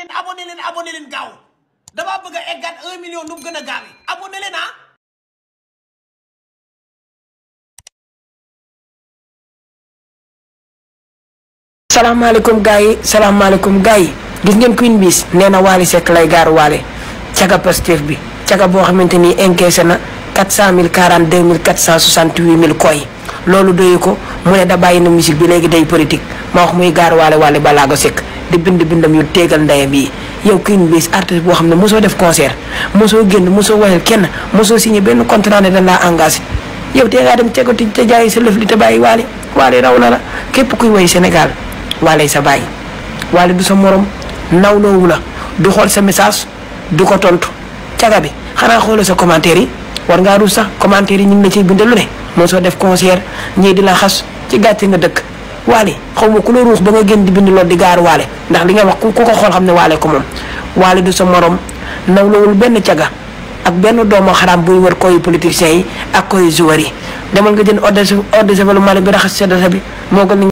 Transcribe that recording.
leen abonné leen abonné leen gaaw a eggaat un million nu mu gën a ah. yi gis ngeen Queen Biz nee na Wally Seck lay gaar Wally caga Pastef bi caga boo xamante ni encaissé na 400 042 468 koy loolu doyu ko mu ne da bàyyi na musique bi léegi day politik ma wax muy gaar Wally Wally balaa ko Seck di bind bindam yu teegal ndeyam yi yow kii Queen Biz artiste boo xam ne mosoo def concert mosoo génn mosoo wayal kenn mosoo signé benn contrat ne dañ laa engagé yow tee ngaa dem cegoti te jaayi sa lëf li te bàyyi waale waale raw na la képp kuy way Sénégal waale sa bàyyi waale du sa morom nawloowu la du xool sa message du ko tontu caga bi xanaa xoolal sa commentaire yi war ngaa rus sax commentaire yi ñu la ciy bindal lu ne mosoo def concert ñii di la xas ci gàcce nga dëkk. waale xaw ma ku la ruux ba nga génn di bind lool di gaar waale ndax li nga wax ku ko xool xam ne waale ko moom waale du sa morom nawlawul benn caga ak benn doomu xaraam buy war koy politiciens yi ak koy joueurs yi demal nga jënd ordre ordre de développement bi raxas sa bi moo gën